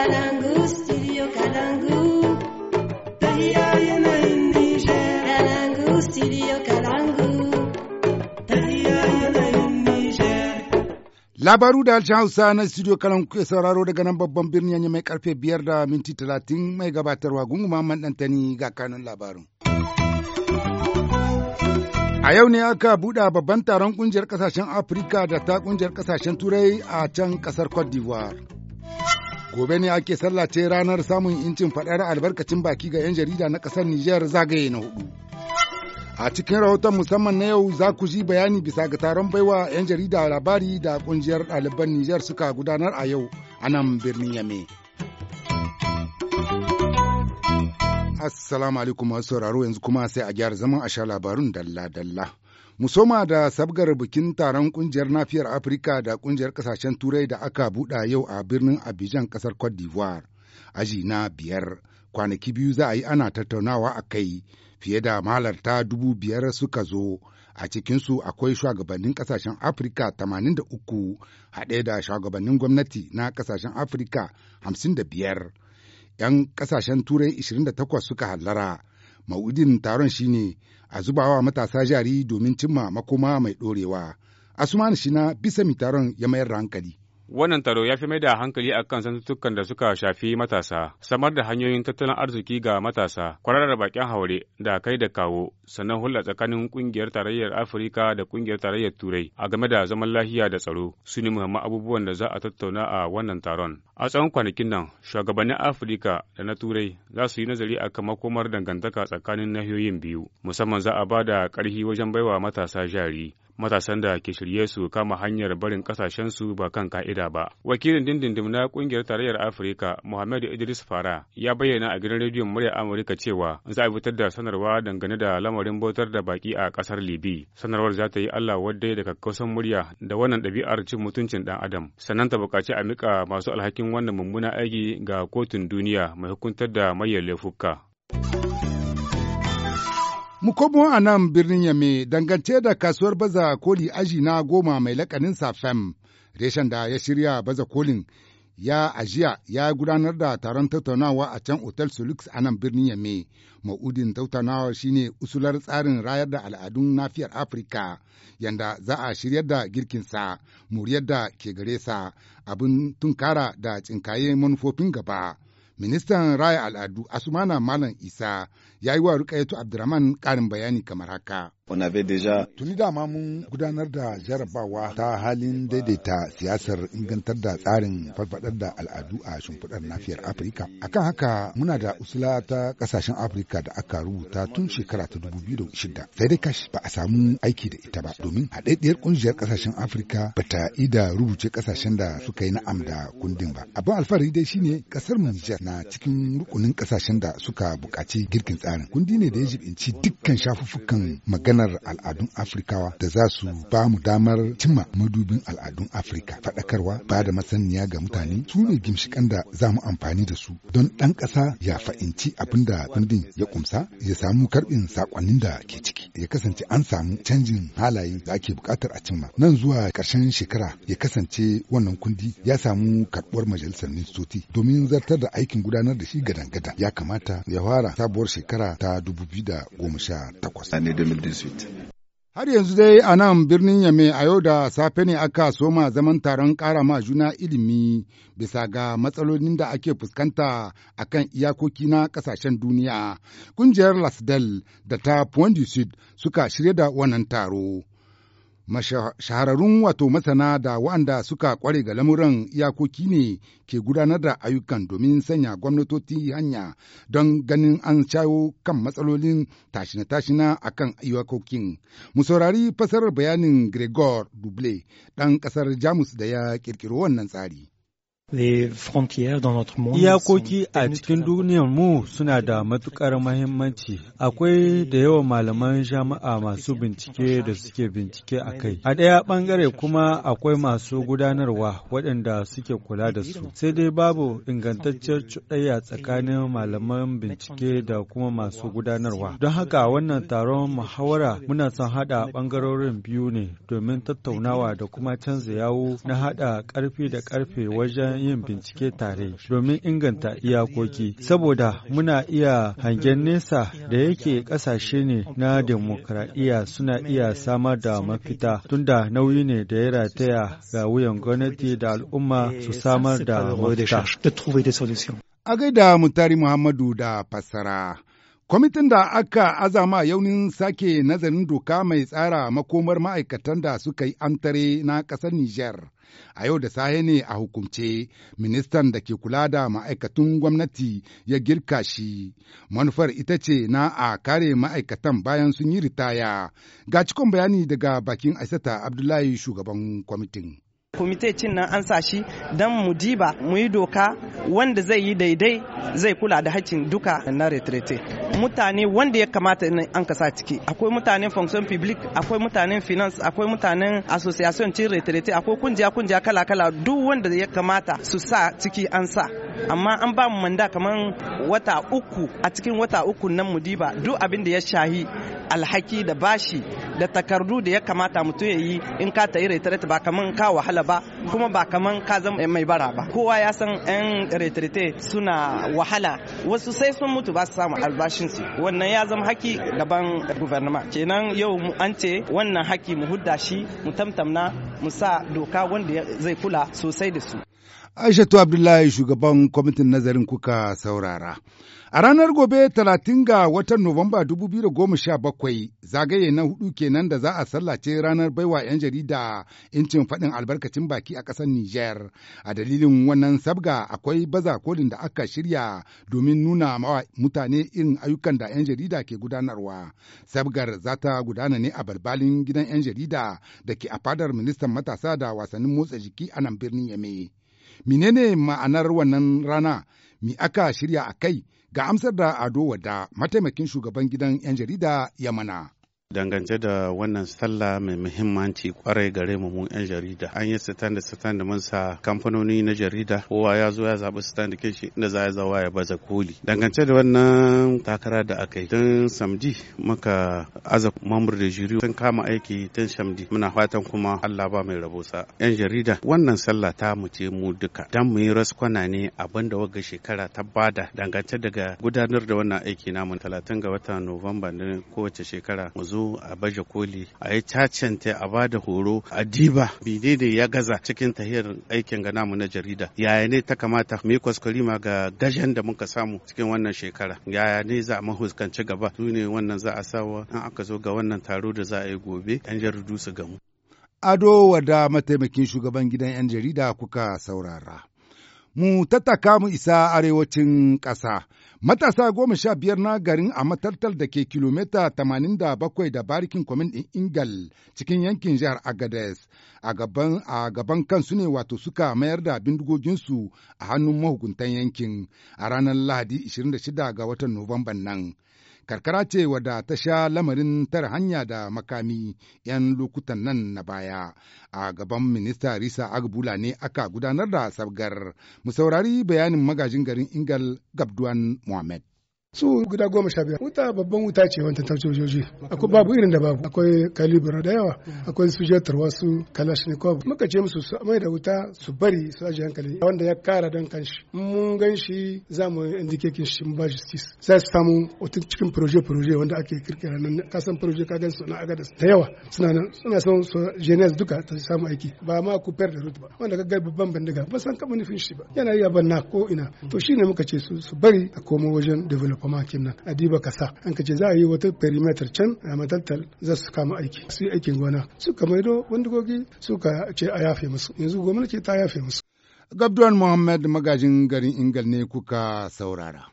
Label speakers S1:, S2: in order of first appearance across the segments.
S1: Kalangu,
S2: Labaru da Alshan Hausa na studio Kalangu kuke sauraro daga nan babban birnin yanyi mai karfe biyar da minti talatin mai gabatarwa gunguma man ɗantani ga kanun labarin. A yau ne aka buɗe babban taron ƙungiyar ƙasashen Afirka da ta ƙungiyar ƙasashen Turai a can ƙasar Cote d'Ivoire. gobe ne ake sallace ranar samun incin faɗar albarkacin baki ga 'yan jarida na ƙasar Nijar zagaye na hudu. A cikin rahoton musamman na yau za ku ji bayani bisa ga taron baiwa 'yan jarida labari da ƙungiyar ɗaliban Nijar suka gudanar a yau a nan birnin Yame. Assalamu alaikum masu sauraro yanzu kuma sai a gyara zaman a sha labarun dalla-dalla. Musoma da sabgar bikin taron kungiyar nafiyar Afirka da kungiyar kasashen Turai da aka buɗa yau a birnin Abidjan ƙasar Cote d'Ivoire. Aji na biyar kwanaki biyu za a yi ana tattaunawa a kai fiye da mahalarta dubu biyar suka zo a cikinsu akwai shugabannin kasashen Afirka 83 haɗe da shugabannin gwamnati na kasashen Afirka 55. 'Yan kasashen Turai 28 suka hallara. Ma'udin taron shine a zuba wa matasa jari domin cimma makoma mai ɗorewa. Asumani na bisa mitaron ya mayar da hankali.
S3: Wannan taro ya fi mai da hankali a kan zantuttukan da suka shafi matasa, samar da hanyoyin tattalin arziki ga matasa, kwararar bakin haure da kai da kawo, sannan hulɗa tsakanin ƙungiyar tarayyar Afirka da ƙungiyar tarayyar Turai a game da zaman lafiya da tsaro su ne muhimman abubuwan da za a tattauna a wannan taron. A tsawon kwanakin nan, shugabannin Afirka da na Turai za su yi nazari a kan makomar dangantaka tsakanin nahiyoyin biyu, musamman za a ba da ƙarfi wajen baiwa matasa jari. matasan da ke shirye su kama hanyar barin kasashensu ba kan ka'ida ba. Wakilin dindindim na kungiyar tarayyar Afirka, Muhammad Idris Fara, ya bayyana a gidan rediyon murya Amurka cewa za a fitar da sanarwa dangane da lamarin bautar da baki a kasar Libi. Sanarwar za ta yi Allah wadda da kakkausan murya da wannan ɗabi'ar cin mutuncin ɗan Adam. Sannan ta buƙaci a miƙa masu alhakin wannan mummunan aiki ga kotun duniya mai hukuntar da mayyar laifuka.
S2: Mu komo a nan birnin Yame dangance da kasuwar baza koli aji na goma mai lakanin Safem, reshen da ya shirya baza kolin ya ajiya ya gudanar da taron tattaunawa a can otal Solux a nan birnin Yame. Ma'udin tattaunawa shine usular tsarin rayar da al'adun nafiyar Afirka, yanda za a shiryar da girkinsa, muryar da ke gare sa, abin tunkara da tsinkaye manufofin gaba. Ministan Raya Al'adu Asumana Malam Isa ya yi wa rukayatu Abdurrahman karin bayani kamar haka.
S1: Deja...
S2: Tuni dama mun gudanar da jarabawa ta halin daidaita siyasar ingantar da tsarin farfadar da al'adu a shimfiɗar nafiyar Afirka. Akan haka muna da usula ta ƙasashen Afirka da aka rubuta tun shekara ta 2006. Sai dai kashi ba a samu aiki da ita ba domin haɗaɗɗiyar ƙungiyar ƙasashen Afirka ba ta ida rubuce ƙasashen da suka yi na'am da kundin ba. Abin alfahari dai shine ƙasar mu na cikin rukunin ƙasashen da suka buƙaci girkin tsarin. Kundi ne da ya jibinci dukkan shafuffukan magana maganar al'adun Afrikawa da za su ba mu damar cimma madubin al'adun Afrika. Faɗakarwa ba da masaniya ga mutane su ne gimshikan da za mu amfani da su don ɗan ƙasa ya fa'inci abin da kundin ya kumsa ya samu karɓin saƙonnin da ke ciki ya kasance an samu canjin halaye da ake buƙatar a cimma nan zuwa ƙarshen shekara ya kasance wannan kundi ya samu karɓuwar majalisar ministoci domin zartar da aikin gudanar da shi gadan-gadan ya kamata ya fara sabuwar shekara ta 2018. street Har yanzu dai a nan birnin Yame a yau da safe ne aka soma zaman taron ƙara ma juna ilimi bisa ga matsalolin da ake fuskanta a kan iyakoki na ƙasashen duniya. Ƙungiyar Lasdel da ta Pondy Sud suka shirya da wannan taro. shahararrun wato masana da waɗanda suka kware ga lamuran iyakoki ne ke gudanar da ayyukan domin sanya gwamnatoci hanya don ganin an shayo kan matsalolin tashina-tashina a kan iyakokin. Mu saurari fasarar bayanin Gregor Duble ɗan ƙasar Jamus da ya ƙirƙiro wannan tsari.
S4: Iyakoki
S1: a cikin duniyar mu suna da matukar mahimmanci. Akwai da yawan malaman jama'a masu bincike da suke bincike a kai. A ɗaya ɓangare kuma akwai masu gudanarwa waɗanda suke kula da su. Sai dai babu ingantacciyar cuɗayya tsakanin malaman bincike da kuma masu gudanarwa. Don haka wannan taron muhawara muna son haɗa ɓangarorin biyu ne domin tattaunawa da kuma canza yawo na haɗa ƙarfi da ƙarfe wajen yin bincike tare domin inganta iyakoki saboda muna iya hangen nesa da yake ƙasashe ne na demokradiyya suna iya samar da mafita tunda nauyi ne da ya rataya ga wuyan gwamnati da al'umma su samar da mafita. A
S2: gaida Mutari Muhammadu da fassara. Kwamitin da aka azama yaunin sake nazarin doka mai tsara makomar ma'aikatan da suka yi antare na ƙasar Nijar A yau da sahe ne a hukumce ministan da ke kula da ma'aikatun gwamnati ya girka shi. Manufar ita ce na a kare ma'aikatan bayan sun yi ritaya. Ga cikon bayani daga bakin Aisata Abdullahi shugaban kwamitin.
S4: kwamite cin nan an sa shi don mu diba mu yi doka wanda zai yi daidai zai kula da hakkin duka na retrete mutane wanda ya kamata an kasa ciki akwai mutanen fonction public akwai mutanen finance akwai mutanen association cin retirete akwai kungiya kungiya kala kala duk wanda ya kamata su sa ciki an sa amma an ba mu manda kamar wata uku a cikin wata uku nan mudiba duk abin da ya shahi alhaki da bashi da takardu da ya kamata mutum ya yi in ka ta yi retirete ba kaman ka wahala ba kuma ba kaman ka zama mai bara ba kowa ya san yan retirete suna wahala wasu sai sun mutu ba su samu albashi su wannan ya zama haki gaban guvernama kenan yau an ce wannan haki mu hudda shi mu tamtamna mu sa doka wanda zai kula sosai da su
S2: Aishatu Abdullahi shugaban kwamitin nazarin kuka saurara. A ranar gobe 30 ga watan Nuwamba 2017 zagaye na hudu kenan da za a sallace ranar baiwa 'yan jarida incin faɗin albarkacin baki a ƙasar Nijar. A dalilin wannan sabga akwai baza kolin da aka shirya domin nuna mutane irin ayyukan da 'yan jarida ke gudanarwa. Sabgar za ta gudana ne a balbalin gidan 'yan jarida da ke a fadar ministan matasa da wasannin motsa jiki a nan birnin Yame. Menene ma'anar wannan rana? Mi aka shirya a kai? Ga amsar da Ado wadda mataimakin shugaban gidan 'yan jarida ya mana.
S5: dangance da wannan sallah mai muhimmanci kwarai gare mu mun yan jarida an yi stand da stand mun sa kamfanoni na jarida kowa ya zo ya zabi stand ke shi inda za ya zawa ya baza koli dangance da wannan takara da aka yi tun samdi muka aza mamur da jiri tun kama aiki tun samdi muna fatan kuma Allah ba mai rabo sa yan jarida wannan sallah ta mu mu duka dan mu yi raskwana ne abin da waga shekara ta bada dangance daga gudanar da wannan aiki namu 30 ga watan Nuwamba ne kowace shekara mu zo zo a baje koli a yi cacanta a ba da horo a diba mine ne ya gaza cikin tahiyar aikin ga namu na jarida yaya ne ta kamata mu yi kwaskwarima ga gajen da muka samu cikin wannan shekara yaya ne za a mahuskanci gaba su ne wannan za a sawa in aka zo ga wannan taro da za a yi gobe yan jaridu su gamu.
S2: Ado wada mataimakin shugaban gidan 'yan jarida kuka saurara. Mu tattaka mu isa arewacin ƙasa. Matasa goma sha biyar na garin a matartar da ke kilomita tamanin da bakwai da barikin kwamin ɗin Ingal cikin yankin jihar Agades a gaban kansu ne wato suka mayar da bindigoginsu a hannun mahukuntan yankin a ranar Lahadi 26 ga watan Nuwamban nan. karkara ce wadda ta sha lamarin tara hanya da makami 'yan lokutan nan na baya a gaban minista risa agbula ne aka gudanar da sabgar mu saurari bayanin magajin garin ingal gabduwan mohamed su
S1: guda goma sha biyar wuta babban wuta ce wanda ta jojoji akwai babu irin da babu akwai kalibir da yawa akwai su jetar wasu kalashnikov muka ce musu su mai da wuta su bari su ajiye hankali wanda ya kara don kanshi mun gan shi za mu kin shi mu ba justice za su samu wata cikin proje proje wanda ake kirkira nan san proje ka gan su na agada da yawa suna nan suna son su jenes duka ta samu aiki ba ma ku fer da rut ba wanda ka ga babban bandiga ba san kaba nufin shi ba yana iya banna ko ina to shine muka ce su su bari a komo wajen develop kwama kin nan a diba kasa an ka ce za a yi wata perimeter can a mataltal za su kama aiki su yi aikin gona suka maido bindigogi suka ce a yafe musu yanzu gwamnati ta yafe musu Gabduwan
S2: Muhammad magajin garin Ingal ne kuka saurara.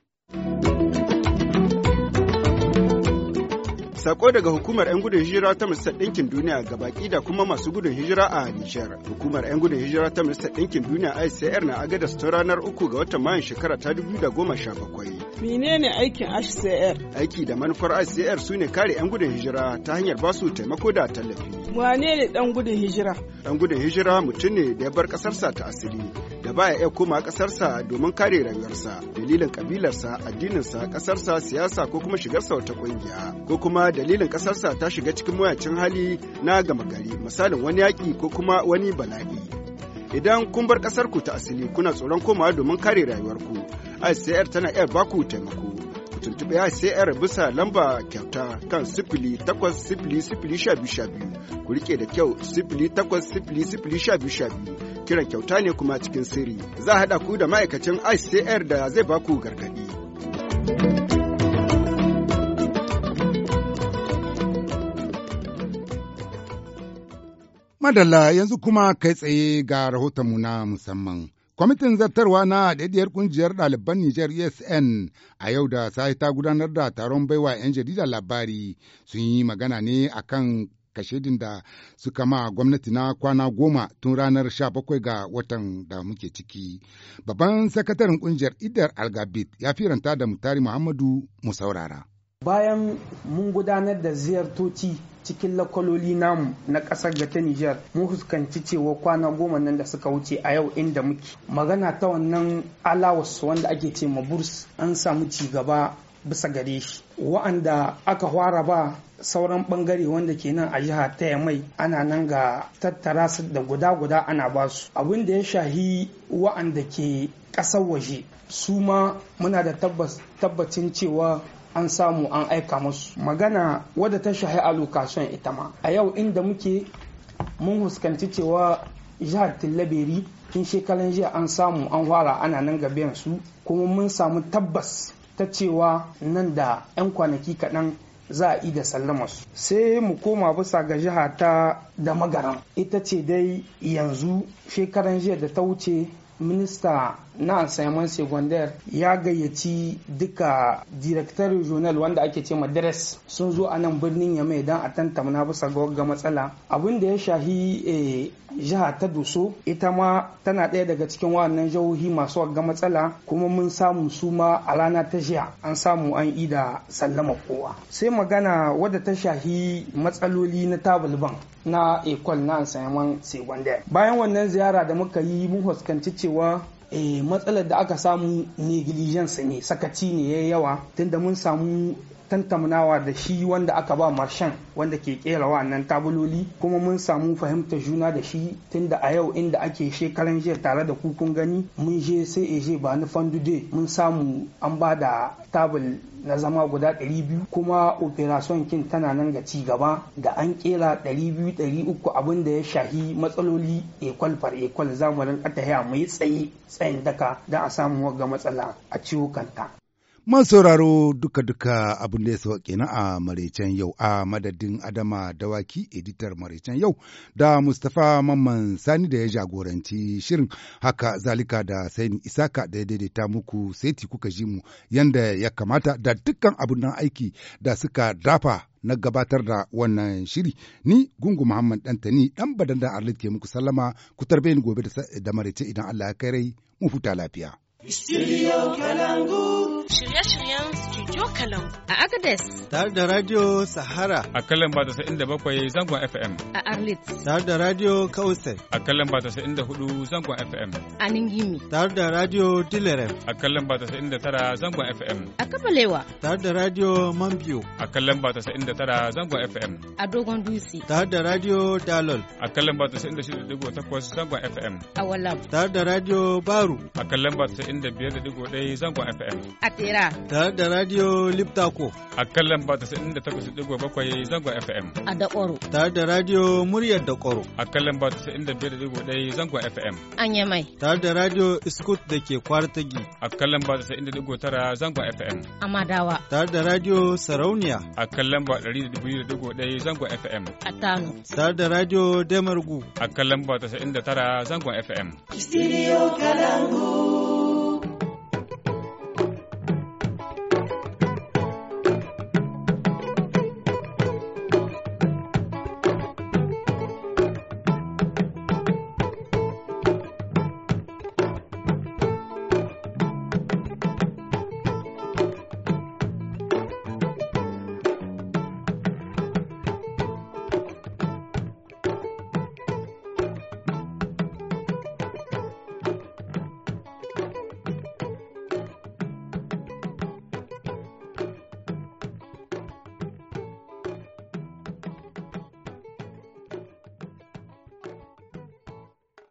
S1: Sako daga hukumar 'yan gudun hijira ta Majalisar Ɗinkin Duniya ga baki da kuma masu gudun hijira a Nijar. Hukumar 'yan gudun hijira ta Majalisar Ɗinkin Duniya ICR na agadas ta ranar uku ga watan Mayun shekara ta da sha 2017. Menene aikin ICR? Aiki da manufar ICR su ne kare 'yan gudun hijira ta hanyar basu taimako da tallafi.
S4: Wane ne ɗan gudun hijira?
S1: Ɗan gudun hijira mutum ne da ya bar ƙasarsa ta asiri da baya iya koma kasarsa domin kare rayuwarsa, dalilin kabilarsa addininsa ƙasarsa siyasa ko kuma shigarsa wata ƙungiya ko kuma dalilin ƙasarsa ta shiga cikin mayacin hali na gama gari misalin wani yaƙi ko kuma wani bala'i. idan kun bar ƙasarku ta asali kuna tsoron komawa domin kare rayuwarku ICR tana iya baku taimako ku tuntuɓe ICR bisa lamba kyauta kan sifili takwas sifili sifili sha biyu sha biyu ku riƙe da kyau sifili takwas sifili sifili sha biyu sha biyu kiran kyauta ne kuma cikin sirri za a haɗa ku da ma'aikacin ICR da zai baku gargaɗi.
S2: Madalla yanzu kuma kai tsaye ga rahotonmu na musamman. Kwamitin zartarwa na daidiyar ƙungiyar ɗaliban Nijar ESN a yau da sai ta gudanar da taron baiwa 'yan jarida labari sun yi magana ne a kan kashedin da suka ma gwamnati na kwana goma tun ranar 17 ga watan da muke ciki. Babban sakataren ƙungiyar Idar Algabit ya firanta da Mutari Muhammadu mu saurara.
S4: bayan mun gudanar da ziyartoci cikin lakwaloli namu na kasar ga ta Nijar mun fuskanci cewa kwana goma nan da suka wuce a yau inda muke magana ta wannan alawas wanda ake ce ma burs an samu ci gaba bisa gare shi wa'anda aka fara ba sauran bangare wanda ke nan a jiha ta mai ana nan ga tattara su da guda-guda ana ba su abin da ya shahi wa'anda ke ƙasar waje su ma muna da tabbacin cewa an samu an aika musu magana wadda ta shahi lokacin ita ma a yau inda muke mun huskanci cewa jihar tillaberi tun shekaran jiya an samu an fara ana nan ga su kuma mun samu tabbas ta cewa nan da 'yan kwanaki kaɗan za a yi da su. sai mu koma bisa ga jiha ta da magaram ita ce dai yanzu shekaran jiya da ta wuce minista na Simon Segondar ya gayyaci duka Director Regional wanda ake ce Madres sun zo a nan birnin mai don a tantamna bisa ga matsala. Abin da ya shahi eh, jiha ta Doso ita ma tana ɗaya daga cikin wannan jihohi masu ga matsala kuma mun samu su ma a rana ta jiya an samu an ida sallama kowa. Sai magana wadda ta shahi matsaloli na tabulban na ekol na sayaman segonda bayan wannan ziyara da muka yi mun fuskanci cewa eh, matsalar da aka samu negligence ne sakaci ne ya yawa tunda mun samu tantamnawa da shi wanda aka ba marshen wanda ke kera nan tabuloli kuma mun samu fahimtar juna da shi tunda a yau inda ake shekaran jiya tare da kukun gani mun je sai eje ba ni fandude mun samu an ba da tabul na zama guda 200 kuma operation kin tana nan ga ci gaba da an kera 200-300 abin da ya shahi matsaloli ekwal far ekwal zamu rinka ta mai tsaye tsayin daka don a samu wagga matsala a ciwo kanta
S2: Man sauraro duka-duka abin da ya sauka kenan a maraicen yau a madadin Adama Dawaki editar maraicen yau da Mustapha Mamman Sani da ya jagoranci shirin haka zalika da Saini Isaka da ya daidaita muku saiti kuka ji mu yanda ya kamata da dukkan abin nan aiki da suka dafa na gabatar da wannan shiri ni gungu Muhammad Dantani dan badan da Arlit ke muku sallama ku tarbe ni gobe da maraice idan Allah ya kai rai mu
S3: huta lafiya.
S1: Studio Kalangu. shirye-shiryen Studio Kalau a Agadez.
S3: Tare da Radio Sahara. A kalan ba inda bakwai zangon FM.
S1: A Arlit. Tare da Radio Kausai.
S3: A kalan ba inda hudu zangon FM.
S1: A Ningimi. Tare da Radio Dilerem.
S3: A kalan ba inda tara zangon FM.
S1: A Kabalewa. Tare da Radio Mambiyo.
S3: A kalan ba inda tara zangon FM.
S1: A Dogon Dutse. Tare da Radio Dalol.
S3: A kalan ba da takwas zangon FM.
S1: A Walam. Tare da Radio Baru. A
S3: kalan ba inda biyar da zangon FM.
S1: A Tera. Tare da Radio Liptako.
S3: A kan lamba bakwai Zango FM.
S1: A Dakoro. Tare da Radio Muryar
S3: Dakoro. A kan lamba 95.1 Zango FM. An mai. Tare
S1: da Radio Scoot
S3: da ke Kwartagi. A kan lamba tara Zango FM.
S1: A Madawa. Tare da Radio Sarauniya.
S3: A kan lamba 102.1 Zango FM.
S1: A Tano. Tare da Radio Demargu.
S3: A kan lamba tara Zango FM.
S1: Studio Kalangu.